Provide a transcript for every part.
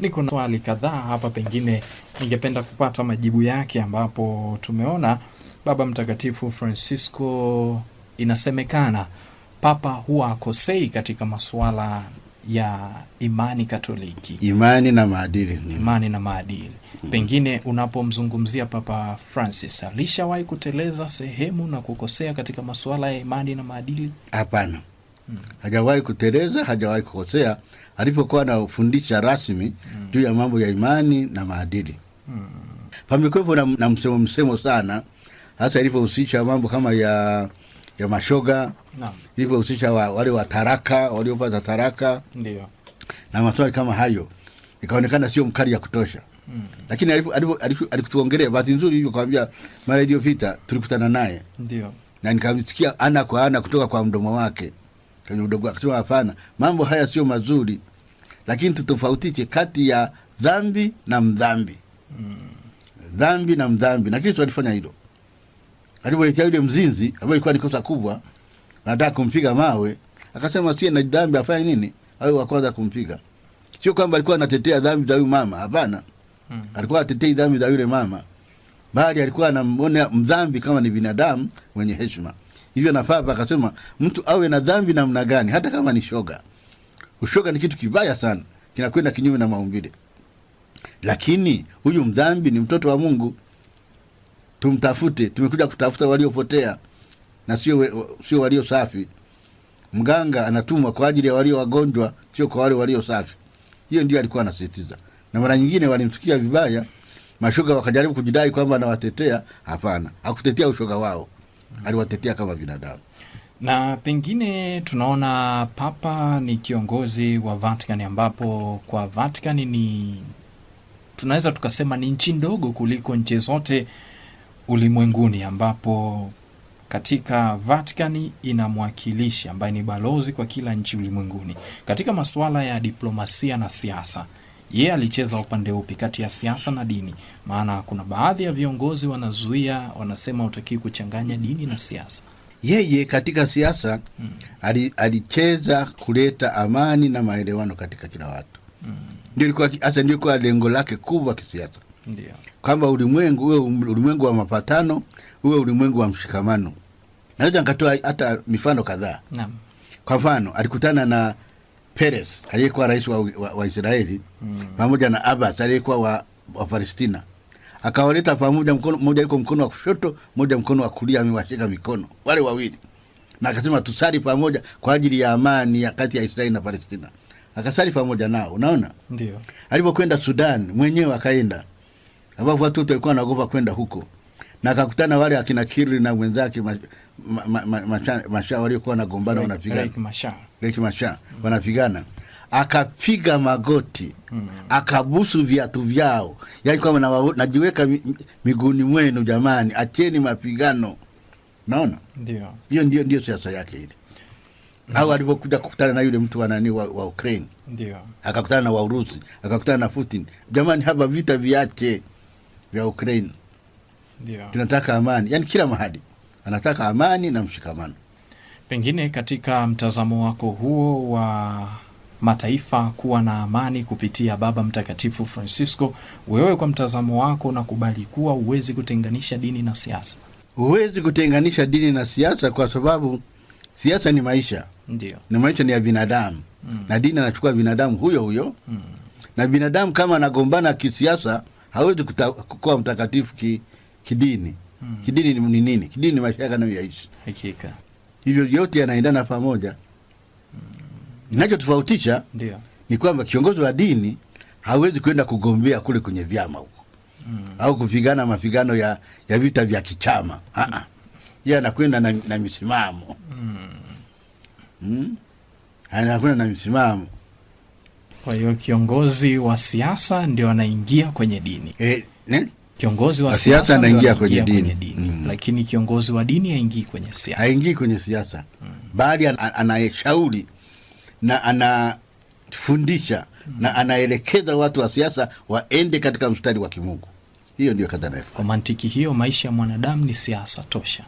Niko na swali kadhaa hapa, pengine ningependa kupata majibu yake, ambapo tumeona Baba Mtakatifu Francisco, inasemekana Papa huwa akosei katika masuala ya imani Katoliki, imani na maadili, imani na maadili. Mm-hmm. Pengine unapomzungumzia Papa Francis, alishawahi kuteleza sehemu na kukosea katika masuala ya imani na maadili? Hapana, mm. hajawahi kuteleza, hajawahi kukosea alipokuwa anafundisha rasmi mm. juu ya mambo ya imani na maadili mm. Pamekuwepo na, na msemo msemo sana hasa ilivyohusisha mambo kama ya ya mashoga no. ilivyohusisha wa, wale wa taraka waliopata taraka ndio na maswali kama hayo, ikaonekana sio mkali ya kutosha mm. Lakini alikutuongelea bahati nzuri hivyo, kwambia mara iliyopita tulikutana naye ndio na nikamsikia ana kwa ana kutoka kwa mdomo wake kwenye udogo akasema hapana, mambo haya sio mazuri, lakini tutofautishe kati ya dhambi na mdhambi mm. dhambi na mdhambi, na Kristo alifanya hilo alipoletea yule mzinzi ambaye ilikuwa ni kosa kubwa, anataka kumpiga mawe, akasema sie na dhambi, afanye nini? Awe wa kwanza kumpiga. Sio kwamba alikuwa anatetea dhambi za huyu mama, hapana mm. alikuwa atetei dhambi za yule mama, bali alikuwa anamwona mdhambi kama ni binadamu mwenye heshima hivyo na Papa akasema mtu awe na dhambi namna gani, hata kama ni shoga. Ushoga ni kitu kibaya sana, kinakwenda kinyume na maumbile, lakini huyu mdhambi ni mtoto wa Mungu, tumtafute. Tumekuja kutafuta waliopotea na sio sio walio safi. Mganga anatumwa kwa ajili ya walio wagonjwa, sio kwa wale walio safi. Hiyo ndio alikuwa anasisitiza, na mara nyingine walimsikia vibaya mashoga, wakajaribu kujidai kwamba anawatetea. Hapana, akutetea ushoga wao aliwatetea kama binadamu na pengine tunaona papa ni kiongozi wa Vatican, ambapo kwa Vatican ni tunaweza tukasema ni nchi ndogo kuliko nchi zote ulimwenguni, ambapo katika Vatican ina mwakilishi ambaye ni balozi kwa kila nchi ulimwenguni katika masuala ya diplomasia na siasa. Ye alicheza upande upi kati ya siasa na dini? Maana kuna baadhi ya viongozi wanazuia, wanasema utakii kuchanganya dini na siasa. Yeye katika siasa mm. alicheza kuleta amani na maelewano katika kila watu hmm. hasa ndio ilikuwa lengo lake kubwa kisiasa, kwamba ulimwengu uwe ulimwengu wa mapatano, uwe ulimwengu wa mshikamano. Naweza nikatoa hata mifano kadhaa. kwa mfano alikutana na Peres aliyekuwa rais wa, wa, wa Israeli mm. pamoja na Abbas aliyekuwa wa, wa Palestina akawaleta pamoja, mkono mmoja yuko mkono wa kushoto, mmoja mkono wa kulia, amewashika mikono wale wawili, na akasema tusali pamoja kwa ajili ya amani ya kati ya Israeli na Palestina. Akasali pamoja nao, unaona. Ndio alipokwenda Sudan mwenyewe akaenda, ambapo watu wote walikuwa wanaogopa kwenda huko, na akakutana wale akina Kirri na mwenzake ma, ma, Masha, waliokuwa wanagombana wanapigana Masha, wanapigana akapiga magoti mm. akabusu viatu vyao, yani kwamba najiweka miguni mwenu, jamani, acheni mapigano. Naona hiyo ndio ndio siasa yake ili mm. au hmm. alivyokuja kukutana na yule mtu wanani wa, wa Ukraine akakutana na Waurusi akakutana na Putin, jamani, hapa vita viache vya Ukraine tunataka amani, yani kila mahali anataka amani na mshikamano. Pengine katika mtazamo wako huo wa mataifa kuwa na amani kupitia Baba Mtakatifu Francisco, wewe kwa mtazamo wako unakubali kuwa huwezi kutenganisha dini na siasa? Huwezi kutenganisha dini na siasa kwa sababu siasa ni maisha. Ndiyo. Ni maisha ni ya binadamu mm. na dini anachukua binadamu huyo huyo mm. na binadamu kama anagombana kisiasa hawezi kuwa mtakatifu ki, kidini. Mm. Kidini ni nini? Kidini ni maisha yake anayoyaishi Hakika. Hivyo yote yanaendana pamoja. Mm. inachotofautisha ndio ni kwamba kiongozi wa dini hawezi kwenda kugombea kule kwenye vyama huko. Mm. Au kupigana mapigano ya, ya vita vya kichama. Ah ah. Yeye anakwenda na, na misimamo. Mm. Mm. Anakwenda na misimamo. Kwa hiyo kiongozi wa siasa ndio anaingia kwenye dini. Eh, Kiongozi wa siasa anaingia kwenye, dini, Mm. Lakini kiongozi wa dini haingii kwenye siasa, haingii kwenye siasa mm. Bali anayeshauri na anafundisha mm. na anaelekeza watu wa siasa waende katika mstari wa kimungu. Hiyo ndio kadhana. Kwa mantiki hiyo, maisha ya mwanadamu ni siasa tosha,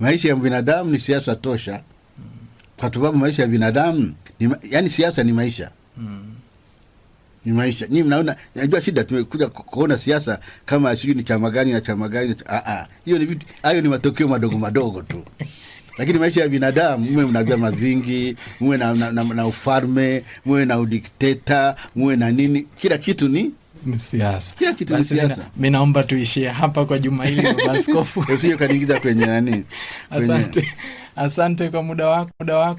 maisha ya binadamu ni siasa tosha mm. Kwa sababu maisha ya binadamu ni, yani siasa ni maisha mm ni maisha. Ni mnaona, najua shida tumekuja kuona siasa kama sijui ni chama gani na chama gani. Ah, ah, hiyo ni vitu, hayo ni matokeo madogo madogo tu lakini maisha ya binadamu mwe mna vyama vingi, muwe na, na, na, na ufalme, mwe na udikteta, mwe na nini, kila kitu ni ni siasa, kila kitu ni siasa. Mi naomba tuishie hapa kwa juma hili, Baba Askofu, usije kaniingiza kwenye nani. Asante, asante kwa muda wako, muda wako.